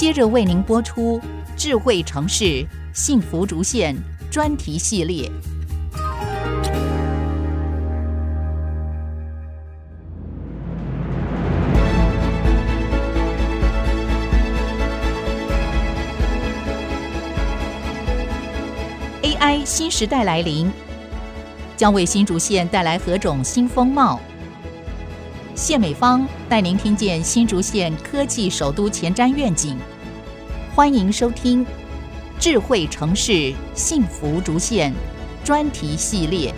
接着為您播出《智慧城市幸福竹縣》專題系列。AI 新時代來臨，將為新竹縣帶來何種新風貌？謝美芳帶您聽見新竹縣科技首都前瞻願景，歡迎收聽《智慧城市幸福竹縣》專題系列。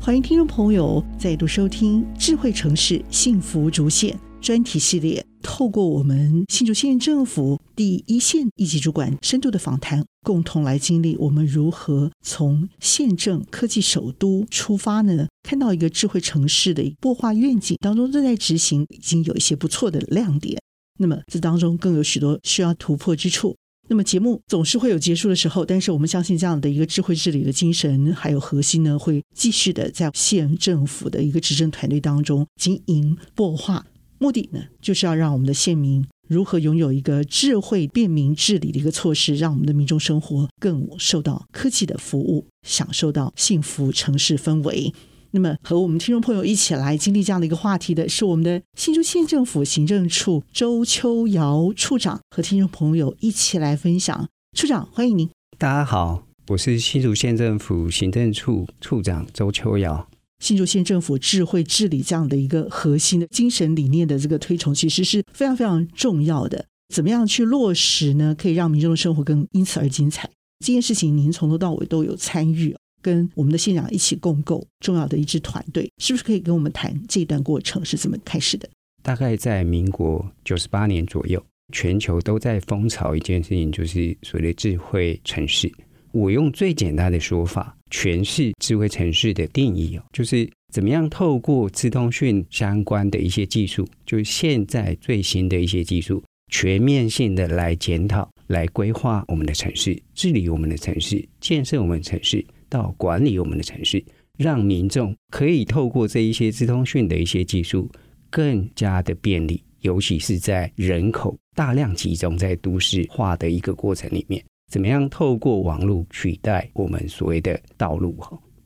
歡迎聽眾朋友再度收聽《智慧城市幸福竹縣》專題系列。透過我們新竹縣政府第一線一級主管深度的訪談，共同來經歷我們如何從縣政科技首都出發呢？看到一個智慧城市的擘畫願景當中正在執行，已經有一些不錯的亮點。那麼這當中更有許多需要突破之處。那麼節目總是會有結束的時候，但是我們相信這樣的一個智慧治理的精神還有核心呢，會繼續的在縣政府的一個執政團隊當中經營擘畫。目的呢，就是要讓我們的縣民如何擁有一個智慧便民治理的一個措施，讓我們的民眾生活更受到科技的服務，享受到幸福城市氛圍。那麼，和我們聽眾朋友一起來經歷這樣的一個話題的是我們的新竹縣政府行政處周秋堯處長，和聽眾朋友一起來分享。處長，歡迎您。大家好，我是新竹縣政府行政處處長周秋堯。新竹縣政府智慧治理這樣的一個核心的精神理念的這個推崇，其實是非常非常重要的。怎麼樣去落實呢？可以讓民眾的生活更因此而精彩。這件事情，您從頭到尾都有參與，跟我們的縣長一起共構重要的一支團隊，是不是可以跟我們談這一段過程是怎麼開始的？大概在民國九十八年左右，全球都在風潮一件事情，就是所謂的智慧城市。我用最簡單的說法詮釋智慧城市的定義哦，就是怎麼樣透過資通訊相關的一些技術，就是現在最新的一些技術，全面性的來檢討、來規劃我們的城市，治理我們的城市，建設我們的城市，到管理我們的城市，讓民眾可以透過這一些資通訊的一些技術，更加的便利，尤其是在人口大量集中在都市化的一個過程裡面。怎麼樣透過網絡取代我們所謂的道路？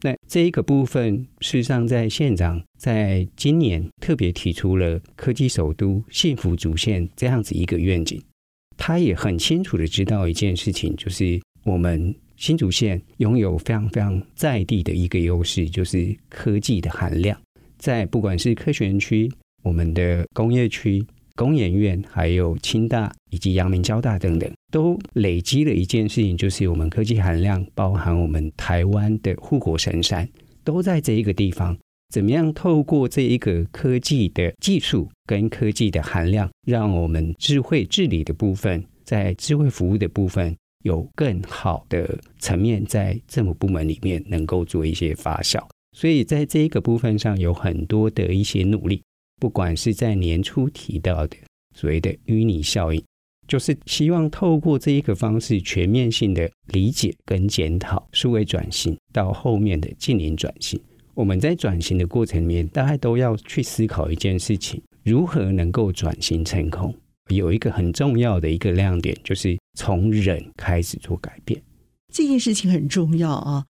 那這一個部分，事實上在，在縣長在今年特別提出了科技首都、幸福竹縣這樣子一個願景。他也很清楚的知道一件事情，就是我們新竹縣擁有非常非常在地的一個優勢，就是科技的含量，在不管是科學園區、我們的工業區、工研院，還有清大以及陽明交大等等。都累積了一件事情，就是我們科技含量包含我們台灣的護國神山，都在這一個地方。怎麼樣透過這一個科技的技術跟科技的含量，讓我們智慧治理的部分，在智慧服務的部分，有更好的層面，在政府部門裡面能夠做一些發酵。所以在這一個部分上，有很多的一些努力，不管是在年初提到的所謂的淤泥效應。就是希望透過這一個方式，全面性的理解跟檢討數位轉型到後面的淨零轉型，我們在轉型的過程裡面，大家都要去思考一件事情：如何能夠轉型成功？有一個很重要的一個亮點，就是從人開始做改變。這件事情很重要啊！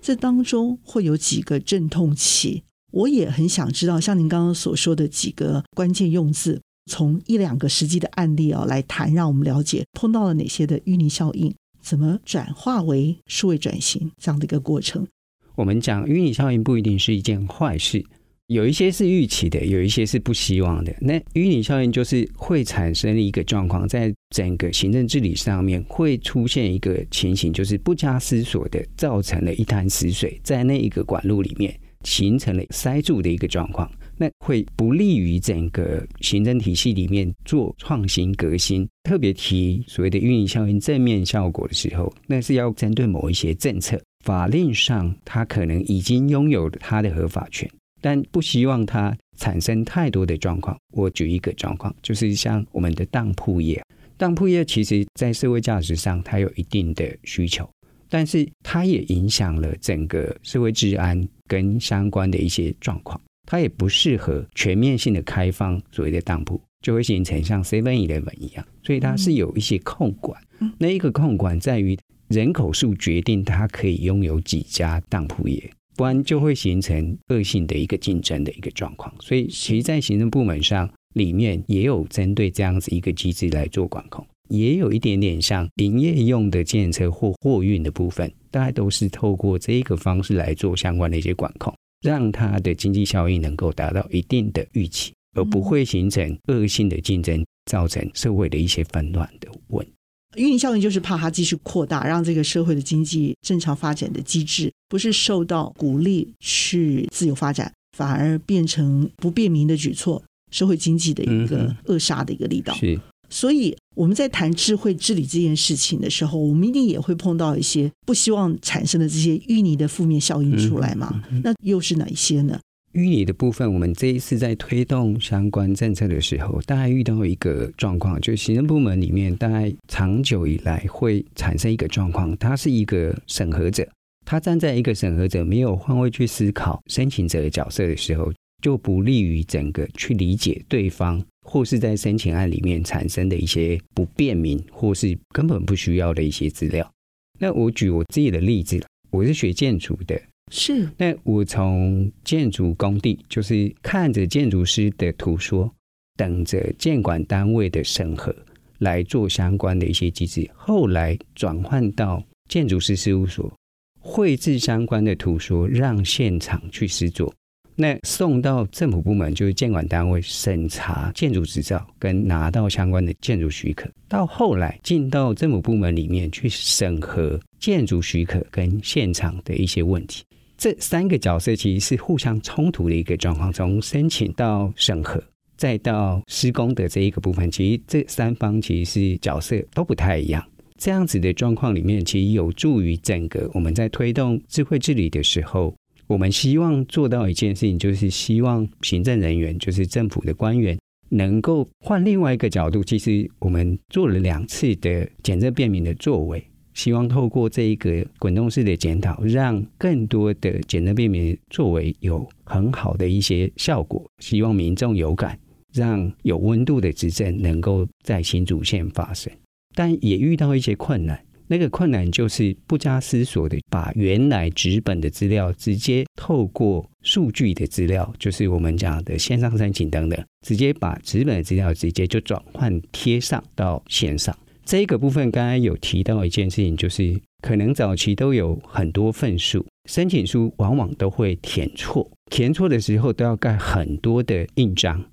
這當中會有幾個陣痛期，我也很想知道，像您剛剛所說的幾個關鍵用字。從一兩個實際的案例哦，來談，讓我們了解碰到了哪些的淤泥效應，怎麼轉化為數位轉型這樣的一個過程。我們講淤泥效應不一定是一件壞事，有一些是預期的，有一些是不希望的。那淤泥效應就是會產生一個狀況，在整個行政治理上面會出現一個情形，就是不假思索的造成了一潭死水，在那一個管路裡面形成了塞住的一個狀況。那會不利於整個行政體系裡面做創新革新，特別提所謂的運營效應、正面效果的時候，那是要針對某一些政策法令上，它可能已經擁有它的合法權，但不希望它產生太多的狀況。我舉一個狀況，就是像我們的當鋪業當鋪業其實，在社會價值上它有一定的需求，但是它也影響了整個社會治安跟相關的一些狀況。它也不適合全面性的開放所謂的當鋪，就會形成像 Seven Eleven 一樣，所以它是有一些控管。嗯。那一個控管在於人口數決定它可以擁有幾家當鋪業，不然就會形成惡性的一個競爭的一個狀況。所以，其實在行政部門上裡面也有針對這樣子一個機制來做管控，也有一點點像營業用的建設或貨運的部分，大概都是透過這一個方式來做相關的一些管控。讓它的經濟效益能夠達到一定的預期，而不會形成惡性的競爭，造成社會的一些紛亂的問題。運營效應就是怕它繼續擴大，讓這個社會的經濟正常發展的機制不是受到鼓勵去自由發展，反而變成不便民的舉措，社會經濟的一個扼殺的一個力道。嗯，是。所以我們在談智慧治理這件事情的時候，我們一定也會碰到一些不希望產生的這些淤泥的負面效應出來嘛？嗯嗯嗯、那又是哪一些呢？淤泥的部分，我們這一次在推動相關政策的時候，大概遇到一個狀況，就行政部門裡面大概長久以來會產生一個狀況，他是一個審核者，他站在一個審核者沒有換位去思考申請者的角色的時候，就不利於整個去理解對方。或是在申請案裡面產生的一些不便民，或是根本不需要的一些資料。那我舉我自己的例子，我是學建築的，是，那我從建築工地，就是看着建築師的圖說，等着建管單位的審核來做相關的一些機制。後來轉換到建築師事務所，繪製相關的圖說，讓現場去實作。那送到政府部門，就是建管單位審查建築執照跟拿到相關的建築許可，到後來進到政府部門裡面去審核建築許可跟現場的一些問題。這三個角色其實是互相衝突的一個狀況。從申請到審核，再到施工的這一個部分，其實這三方其實是角色都不太一樣。這樣子的狀況裡面，其實有助於整個我們在推動智慧治理的時候。我們希望做到一件事情，就是希望行政人員，就是政府的官員，能夠換另外一個角度。其實我們做了兩次的簡政便民的作為，希望透過這一個滾動式的檢討，讓更多的簡政便民作為有很好的一些效果，希望民眾有感，讓有溫度的執政能夠在新竹縣發生，但也遇到一些困難。那個困難就是不加思索的把原來紙本的資料直接透過數據的資料，就是我們講的線上申請等等，直接把紙本的資料直接就轉換貼上到線上。這個部分剛剛有提到一件事情，就是可能早期都有很多份數，申請書往往都會填錯，填錯的時候都要蓋很多的印章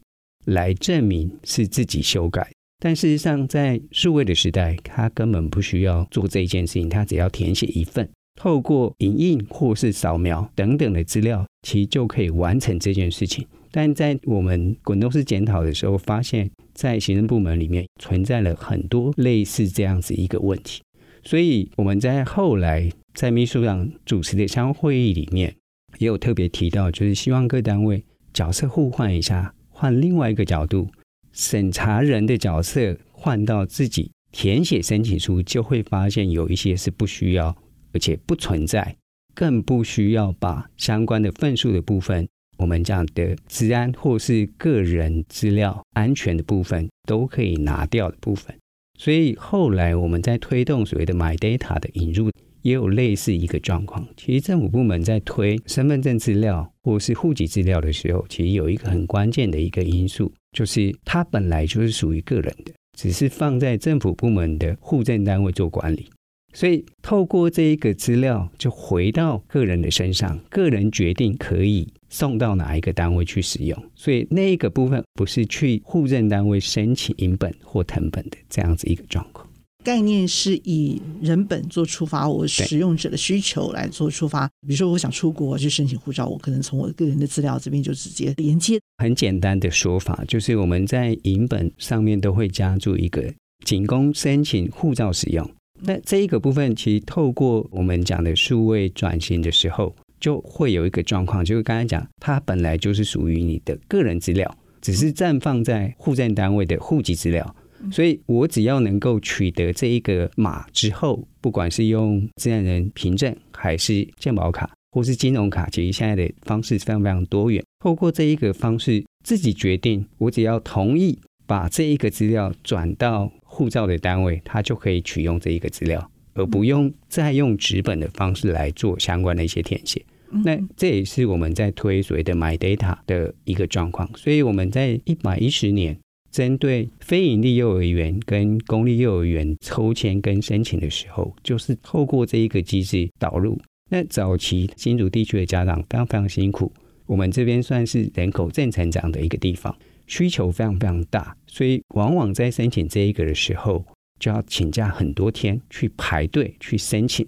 來證明是自己修改。但事實上，在數位的時代，他根本不需要做這一件事情，他只要填寫一份，透過影印或是掃描等等的資料，其實就可以完成這件事情。但在我們滾動式檢討的時候，發現，在行政部門裡面存在了很多類似這樣子一個問題，所以我們在後來在秘書長主持的相關會議裡面，也有特別提到，就是希望各單位角色互換一下，換另外一個角度。審查人的角色換到自己填寫申請書，就會發現有一些是不需要，而且不存在，更不需要把相關的份數的部分，我們講的治安或是個人資料安全的部分都可以拿掉的部分。所以後來我們在推動所謂的 My Data 的引入，也有類似一個狀況。其實政府部門在推身份證資料或是戶籍資料的時候，其實有一個很關鍵的一個因素。就是它本來就是屬於個人的，只是放在政府部門的戶政單位做管理。所以透過這一個資料，就回到個人的身上，個人決定可以送到哪一個單位去使用。所以那一個部分不是去戶政單位申請影本或謄本的這樣子一個狀況。概念是以人本做出發，我使用者的需求來做出發。對比如說，我想出國去申請護照，我可能從我個人的資料這邊就直接連接。很簡單的說法就是，我們在影本上面都會加注一個“僅供申請護照使用”。那這一個部分，其實透過我們講的數位轉型的時候，就會有一個狀況，就是剛才講，它本來就是屬於你的個人資料，只是暫放在戶政單位的戶籍資料。所以，我只要能夠取得這一個碼之後，不管是用自然人憑證，還是健保卡，或是金融卡，其實現在的方式非常非常多元。透過這一個方式，自己決定，我只要同意把這一個資料轉到護照的單位，他就可以取用這一個資料，而不用再用紙本的方式來做相關的一些填寫。那這也是我們在推所謂的 My Data 的一個狀況。所以我們在一百一十年。針對非營利幼兒園跟公立幼兒園抽籤跟申請的時候，就是透過這一個機制導入。那早期新竹地區的家長非常非常辛苦，我們這邊算是人口正成長的一個地方，需求非常非常大，所以往往在申請這一個的時候，就要請假很多天去排隊去申請。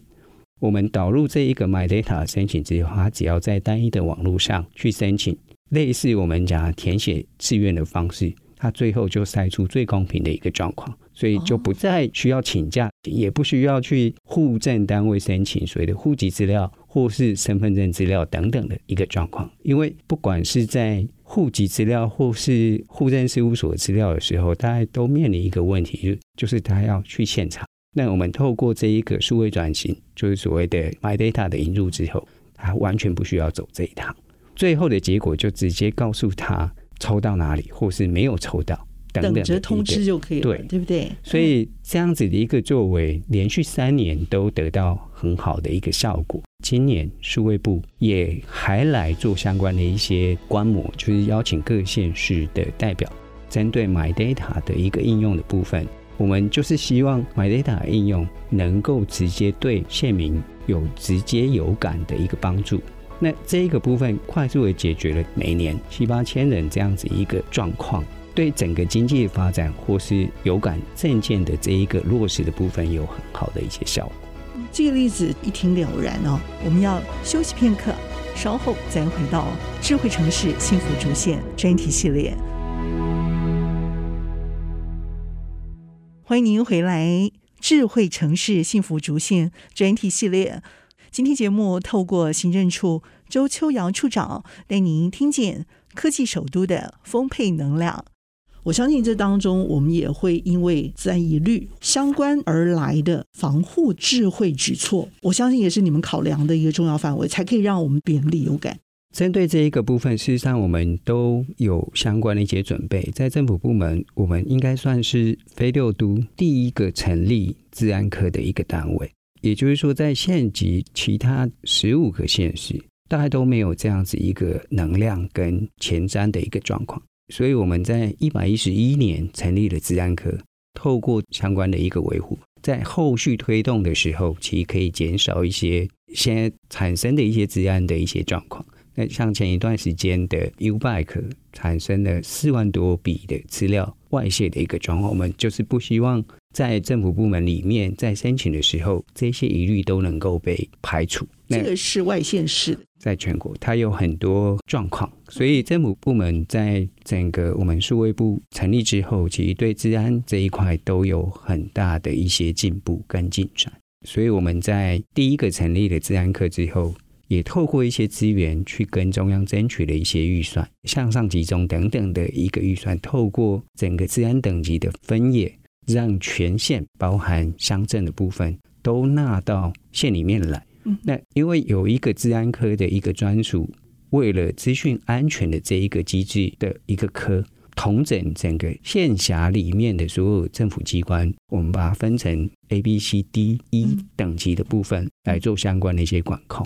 我們導入這一個 MyData 申請之後，它只要在單一的網絡上去申請，類似我們講填寫志願的方式。他最後就篩出最公平的一個狀況，所以就不再需要請假，也不需要去戶政單位申請所謂的戶籍資料或是身份證資料等等的一個狀況。因為不管是在戶籍資料或是戶政事務所資料的時候，他都面臨一個問題，就是他要去現場。那我們透過這一個數位轉型，就是所謂的 My Data 的引入之後，他完全不需要走這一趟，最後的結果就直接告訴他。抽到哪裡，或是沒有抽到，等等，等通知就可以了，對，對不對？所以這樣子的一個作為，連續三年都得到很好的一個效果。嗯，今年數位部也還來做相關的一些觀摩，就是邀請各縣市的代表，針對 My Data 的一個應用的部分，我們就是希望 My Data 應用能夠直接對縣民有直接有感的一個幫助。那這一個部分快速的解決了每年七八千人這樣子一個狀況，對整個經濟發展或是有感政見的這一個落實的部分有很好的一些效果。這個例子一聽了然哦，我們要休息片刻，稍後再回到智慧城市幸福竹縣專題系列。歡迎您回來，智慧城市幸福竹縣專題系列。今天節目透過行政處周秋堯處長帶您聽見科技首都的豐沛能量。我相信這當中我們也會因為治安疑慮相關而來的防護智慧舉措，我相信也是你們考量的一個重要範圍，才可以讓我們便利有感。針對這一個部分，事實上我們都有相關的一些準備。在政府部門，我們應該算是非六都第一個成立治安科的一個單位。也就是說，在縣級其他十五個縣市，大概都沒有這樣子一個能量跟前瞻的一個狀況，所以我們在一百一十一年成立了治安科，透過相關的一個維護，在後續推動的時候，其實可以減少一些先產生的一些治安的一些狀況。那像前一段時間的 U-Bike 產生了四萬多筆的資料外泄的一個狀況，我們就是不希望在政府部門裡面在申請的時候，這些疑慮都能夠被排除。這個是外縣市，在全國它有很多狀況，所以政府部門在整個我們數位部成立之後，其實對治安這一塊都有很大的一些進步跟進展。所以我們在第一個成立了治安科之後。也透過一些資源去跟中央爭取了一些預算，向上集中等等的一個預算，透過整個資安等級的分野，讓全縣包含鄉鎮的部分都納到縣裡面來。嗯、那因為有一個資安科的一個專屬，為了資訊安全的這一個機制的一個科，統整整個縣轄裡面的所有政府機關，我們把它分成 A、B、C、D、E 等級的部分，嗯、來做相關的一些管控。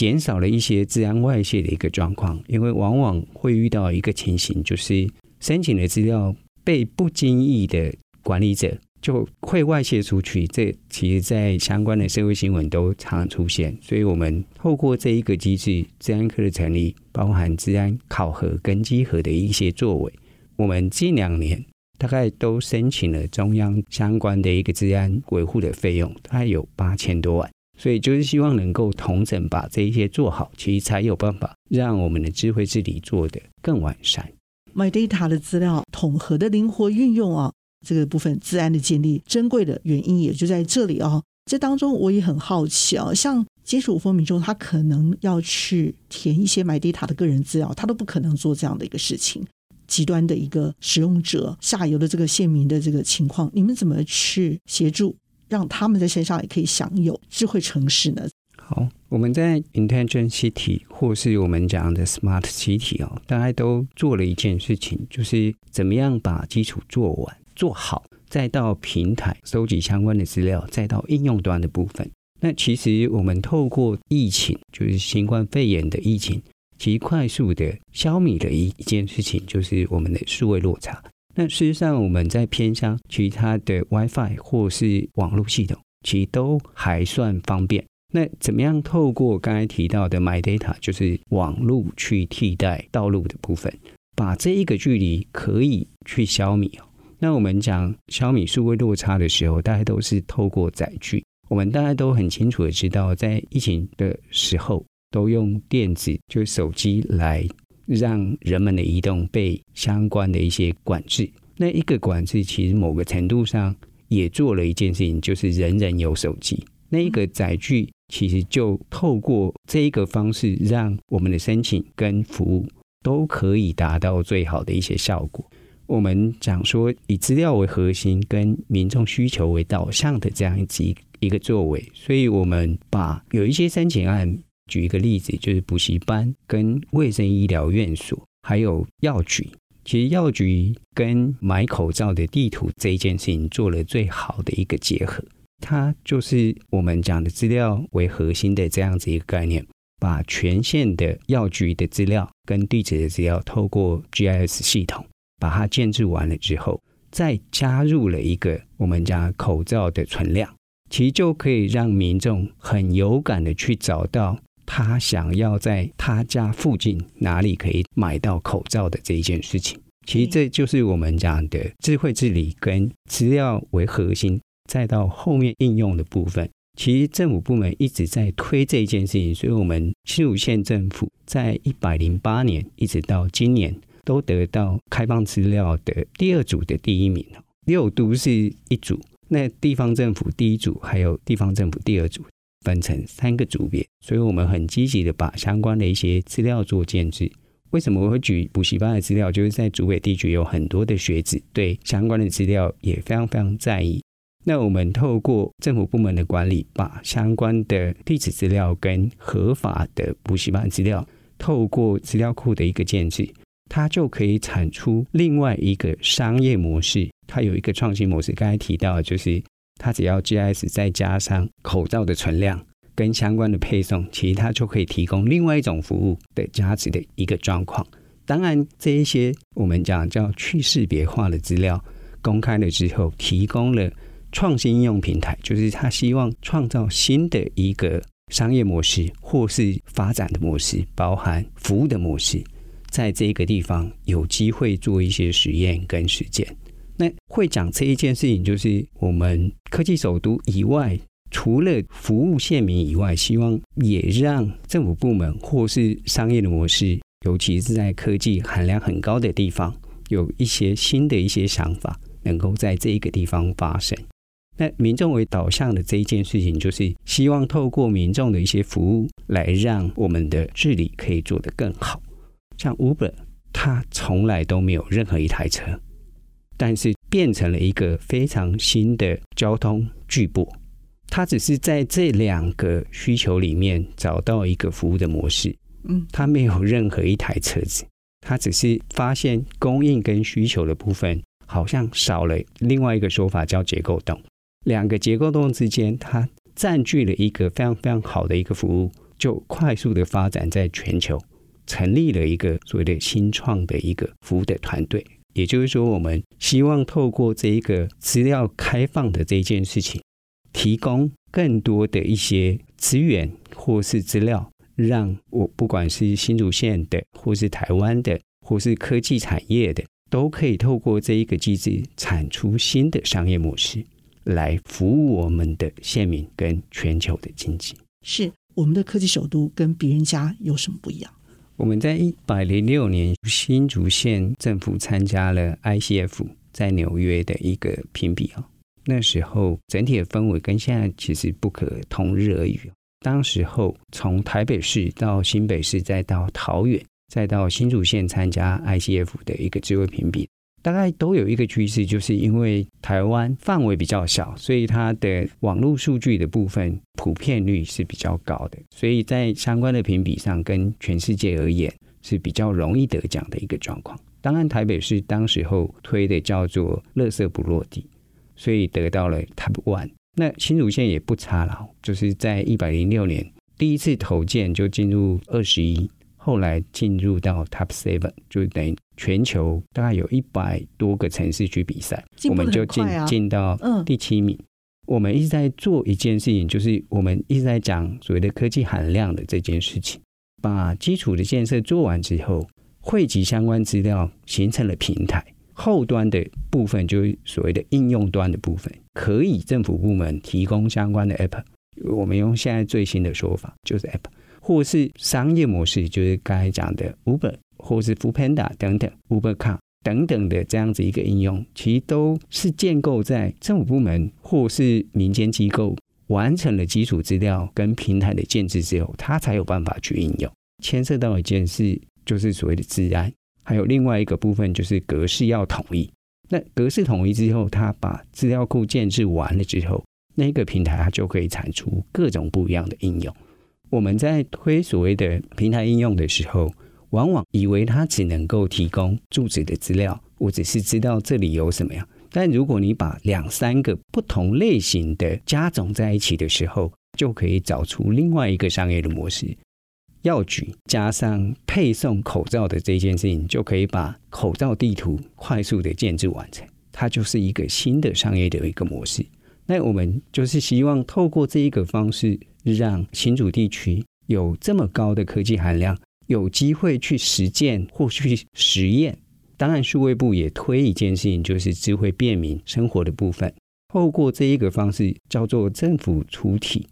減少了一些治安外洩的一個狀況，因為往往會遇到一個情形，就是申請的資料被不經意的管理者就會外洩出去。這其實在相關的社會新聞都常出現，所以我們透過這一個機制，治安科的成立，包含治安考核跟稽核的一些作為，我們近兩年大概都申請了中央相關的一個治安維護的費用，大概有八千多萬。所以就是希望能夠統整把這一些做好，其實才有辦法讓我們的智慧治理做得更完善。My data 的資料統合的靈活運用啊，這個部分資安的建立珍貴的原因也就在這裡啊。這當中我也很好奇啊，像尖石五峰民眾，他可能要去填一些 My data 的個人資料，他都不可能做這樣的一個事情。極端的一個使用者下游的這個縣民的這個情況，你們怎麼去協助？讓他們在線上也可以享有智慧城市呢？好，我們在 Intelligent City 或是我們講的 Smart City 哦，大家都做了一件事情，就是怎麼樣把基礎做完做好，再到平台收集相關的資料，再到應用端的部分。那其實我們透過疫情，就是新冠肺炎的疫情，其快速的消弭了一一件事情，就是我們的數位落差。但事實上，我們在偏向其他的 WiFi 或是網絡系統，其實都還算方便。那怎麼樣透過剛才提到的 My Data，就是網絡去替代道路的部分，把這一個距離可以去消弭哦。那我們講消弭數位落差的時候，大家都是透過載具。我們大家都很清楚的知道，在疫情的時候，都用電子，就是手機來。讓人們的移動被相關的一些管制，那一個管制其實某個程度上也做了一件事情，就是人人有手機。那一個載具其實就透過這一個方式，讓我們的申請跟服務都可以達到最好的一些效果。我們講說以資料為核心，跟民眾需求為導向的這樣一個作為，所以我們把有一些申請案。舉一個例子，就是補習班，跟衛生醫療院所，還有藥局。其實藥局跟買口罩的地圖這一件事情做了最好的一個結合，它就是我們講的資料為核心的這樣子一個概念，把全縣的藥局的資料跟地址的資料透過 GIS 系統把它建置完了之後，再加入了一個我們講口罩的存量，其實就可以讓民眾很有感的去找到。他想要在他家附近哪裡可以買到口罩的這一件事情，其實這就是我們講的智慧治理跟資料為核心，再到後面應用的部分。其實政府部門一直在推這件事情，所以我們新竹縣政府在一百零八年一直到今年都得到開放資料的第二組的第一名。六都是一組，那地方政府第一組還有地方政府第二組。分成三個組別，所以我們很積極地把相關的一些資料做建置。為什麼我會舉補習班的資料？就是在組委地區有很多的學子，對相關的資料也非常非常在意。那我們透過政府部門的管理，把相關的地址資料跟合法的補習班資料，透過資料庫的一個建置，它就可以產出另外一個商業模式。它有一個創新模式，剛才提到的就是。它只要 GIS 再加上口罩的存量跟相關的配送，其實它就可以提供另外一種服務的價值的一個狀況。當然，這一些我們講叫去識別化的資料公開了之後，提供了創新應用平台，就是他希望創造新的一個商業模式，或是發展的模式，包含服務的模式，在這一個地方有機會做一些實驗跟實踐。那會講這一件事情，就是我們科技首都以外，除了服務縣民以外，希望也讓政府部門或是商業的模式，尤其是在科技含量很高的地方，有一些新的一些想法，能夠在這一個地方發生。那民眾為導向的這一件事情，就是希望透過民眾的一些服務，來讓我們的治理可以做得更好。像 Uber，它從來都沒有任何一台車。但是變成了一個非常新的交通巨擘，它只是在這兩個需求裡面找到一個服務的模式。嗯，它沒有任何一台車子，它只是發現供應跟需求的部分好像少了。另外一個說法叫結構洞，兩個結構洞之間，它佔據了一個非常非常好的一個服務，就快速的發展在全球，成立了一個所謂的新創的一個服務的團隊。也就是說，我們希望透過這一個資料開放的這件事情，提供更多的一些資源或是資料，讓我不管是新竹縣的，或是台灣的，或是科技產業的，都可以透過這一個機制，產出新的商業模式，來服務我們的縣民跟全球的經濟。是，我們的科技首都跟別人家有什麼不一樣？我們在一百零六年新竹縣政府參加了 ICF 在紐約的一個評比哦，那時候整體的氛圍跟現在其實不可同日而語。當時候從台北市到新北市，再到桃園，再到新竹縣參加 ICF 的一個智慧評比。大概都有一個趨勢，就是因為台灣範圍比較小，所以它的網絡數據的部分普遍率是比較高的，所以在相關的評比上，跟全世界而言是比較容易得獎的一個狀況。當然，台北市當時候推的叫做“垃圾不落地”，所以得到了 Top One。那新竹縣也不差了，就是在一百零六年第一次投件就進入二十一。後來進入到 Top Seven，就等於全球大概有一百多個城市去比賽，啊、我們就進進到第七名。嗯、我們一直在做一件事情，就是我們一直在講所謂的科技含量的這件事情。把基礎的建設做完之後，匯集相關資料，形成了平台。後端的部分就是所謂的應用端的部分，可以政府部門提供相關的 App。我們用現在最新的說法，就是 App。或是商業模式，就是剛才講的 Uber，或是 foodpanda 等等，Uber Car 等等的這樣子一個應用，其實都是建構在政府部門或是民間機構完成了基礎資料跟平台的建置之後，它才有辦法去應用。牽涉到一件事，就是所謂的治安，還有另外一個部分就是格式要統一。那格式統一之後，它把資料庫建置完了之後，那個平台它就可以產出各種不一樣的應用。我們在推所謂的平台應用的時候，往往以為它只能夠提供住址的資料，我只是知道這裡有什麼樣。但如果你把兩三個不同類型的加總在一起的時候，就可以找出另外一個商業的模式。藥局加上配送口罩的這件事情，就可以把口罩地圖快速的建置完成。它就是一個新的商業的一個模式。那我們就是希望透過這一個方式。讓新竹地區有這麼高的科技含量，有機會去實踐或去實驗。當然，數位部也推一件事情，就是智慧便民生活的部分，透過這一個方式叫做政府出題，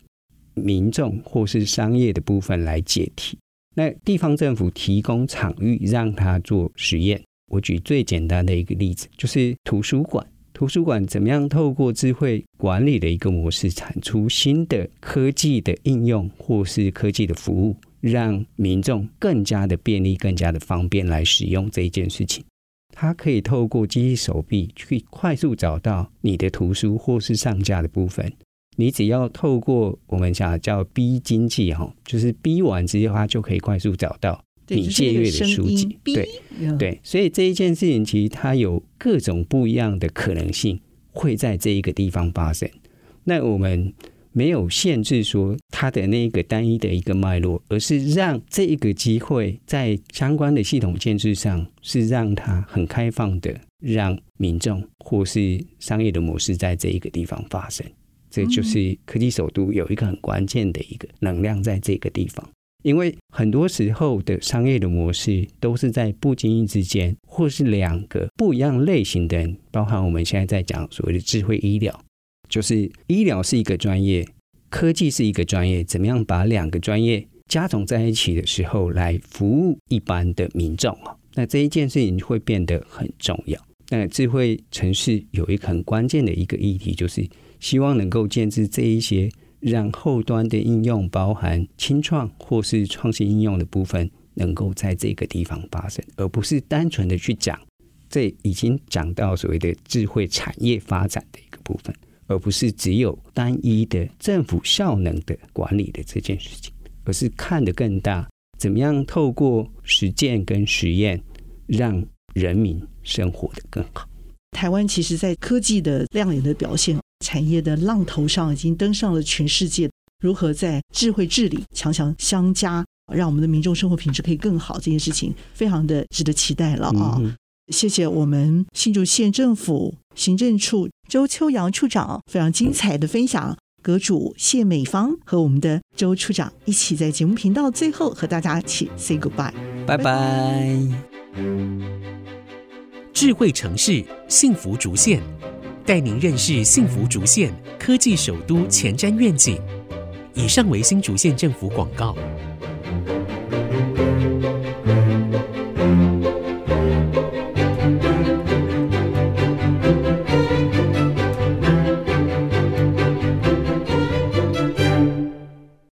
民眾或是商業的部分來解題。那地方政府提供場域，讓它做實驗。我舉最簡單的一個例子，就是圖書館。圖書館怎麼樣透過智慧管理的一個模式，產出新的科技的應用或是科技的服務，讓民眾更加的便利、更加的方便來使用這一件事情？它可以透過機械手臂去快速找到你的圖書或是上架的部分。你只要透過我們想的叫 B 經濟哈，就是 B 完之後，它就可以快速找到。對你借閱的書籍，對 Yeah. 對，所以這一件事情其實它有各種不一樣的可能性會在這一個地方發生。那我們沒有限制說它的那個單一的一個脈絡，而是讓這一個機會在相關的系統建設上是讓它很開放的，讓民眾或是商業的模式在這一個地方發生。這就是科技首都有一個很關鍵的一個能量在這個地方。因為很多時候的商業的模式都是在不經意之間，或是兩個不一樣類型的人，包含我們現在在講所謂的智慧醫療，就是醫療是一個專業，科技是一個專業，怎麼樣把兩個專業加總在一起的時候來服務一般的民眾？那這一件事情會變得很重要。那智慧城市有一個很關鍵的一個議題，就是希望能夠建置這一些。讓後端的應用包含青創或是創新應用的部分，能夠在這個地方發生，而不是單純的去講。這已經講到所謂的智慧產業發展的一個部分，而不是只有單一的政府效能的管理的這件事情，而是看得更大，怎麼樣透過實踐跟實驗，讓人民生活得更好。台灣其實在科技的亮眼的表現。產業的浪頭上，已經登上了全世界。如何在智慧治理、強強相加，讓我們的民眾生活品質可以更好，這件事情非常的值得期待了啊！嗯嗯，謝謝我們新竹縣政府行政處周秋堯處長非常精彩的分享。閣主謝美芳和我們的周處長一起在節目頻道最後和大家一起 say goodbye，拜拜 bye！智慧城市，幸福竹縣帶您認識幸福竹縣科技首都前瞻願景。以上為新竹縣政府廣告。